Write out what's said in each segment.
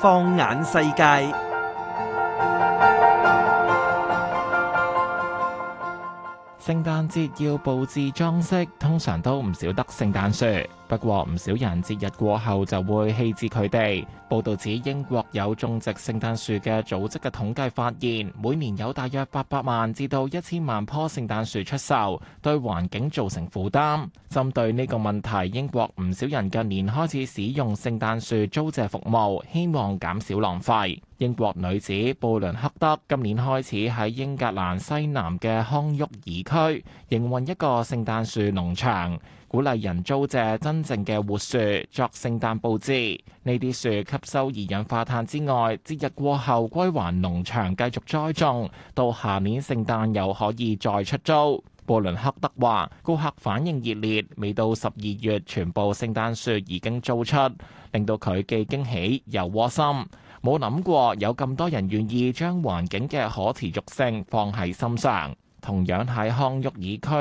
放眼世界，聖誕節要布置裝飾，通常都唔少得聖誕樹。不過唔少人節日過後就會棄置佢哋。報導指英國有種植聖誕樹嘅組織嘅統計發現，每年有大約八百萬至到一千萬棵聖誕樹出售，對環境造成負擔。針對呢個問題，英國唔少人近年開始使用聖誕樹租借服務，希望減少浪費。英國女子布倫克德今年開始喺英格蘭西南嘅康沃爾區營運一個聖誕樹農場。鼓勵人租借真正嘅活樹作聖誕布置，呢啲樹吸收二氧化碳之外，節日過後歸還農場繼續栽種，到下年聖誕又可以再出租。布倫克德話，顧客反應熱烈，未到十二月，全部聖誕樹已經租出，令到佢既驚喜又窩心，冇諗過有咁多人願意將環境嘅可持續性放喺心上。同樣喺康沃爾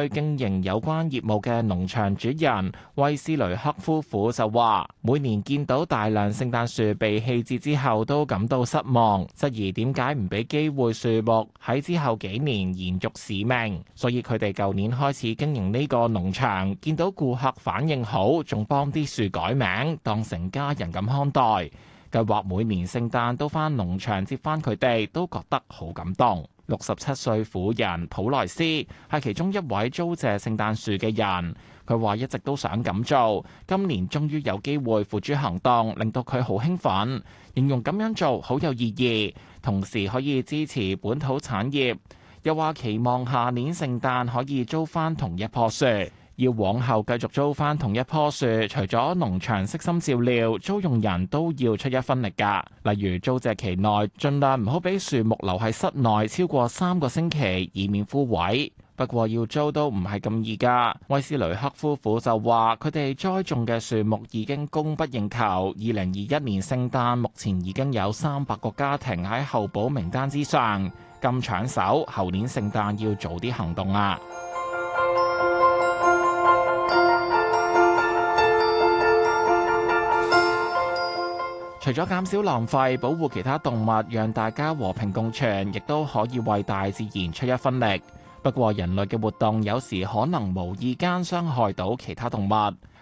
區經營有關業務嘅農場主人威斯雷克夫婦就話：每年見到大量聖誕樹被棄置之後，都感到失望，質疑點解唔俾機會樹木喺之後幾年延續使命。所以佢哋舊年開始經營呢個農場，見到顧客反應好，仲幫啲樹改名，當成家人咁看待。計劃每年聖誕都返農場接返佢哋，都覺得好感動。六十七歲婦人普萊斯係其中一位租借聖誕樹嘅人，佢話一直都想咁做，今年終於有機會付諸行動，令到佢好興奮，形容咁樣做好有意義，同時可以支持本土產業，又話期望下年聖誕可以租翻租返同一棵樹。要往後繼續租返同一棵樹，除咗農場悉心照料，租用人都要出一分力噶。例如租借期內，盡量唔好俾樹木留喺室內超過三個星期，以免枯萎。不過要租都唔係咁易噶。威斯雷克夫婦就話，佢哋栽種嘅樹木已經供不應求。二零二一年聖誕，目前已經有三百個家庭喺候補名單之上，咁搶手，後年聖誕要早啲行動啊！除咗減少浪費、保護其他動物，讓大家和平共處，亦都可以為大自然出一分力。不過，人類嘅活動有時可能無意間傷害到其他動物。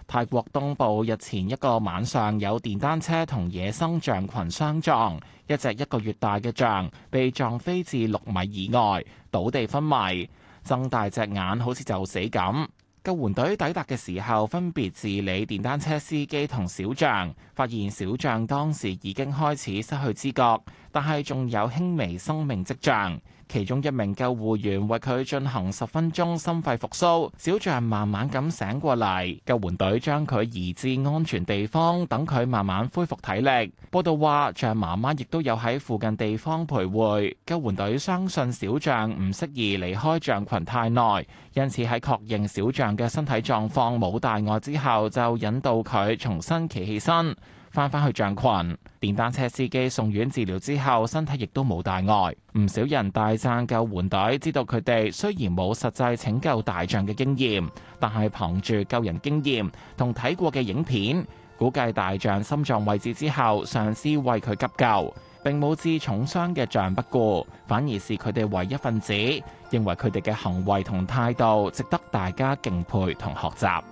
泰國東部日前一個晚上有電單車同野生象群相撞，一隻一個月大嘅象被撞飛至六米以外，倒地昏迷，睜大隻眼，好似就死咁。救援隊抵達嘅時候，分別治理電單車司機同小象。發現小象當時已經開始失去知覺，但係仲有輕微生命跡象。其中一名救護員為佢進行十分鐘心肺復甦，小象慢慢咁醒過嚟。救援隊將佢移至安全地方，等佢慢慢恢復體力。報道話，象媽媽亦都有喺附近地方徘徊。救援隊相信小象唔適宜離開象群太耐，因此喺確認小象嘅身體狀況冇大礙之後，就引導佢重新企起身。返返去象群，電單車司機送院治療之後，身體亦都冇大礙。唔少人大讚救援隊，知道佢哋雖然冇實際拯救大象嘅經驗，但係憑住救人經驗同睇過嘅影片，估計大象心臟位置之後，嘗試為佢急救，並冇置重傷嘅象不顧，反而是佢哋唯一份子，認為佢哋嘅行為同態度值得大家敬佩同學習。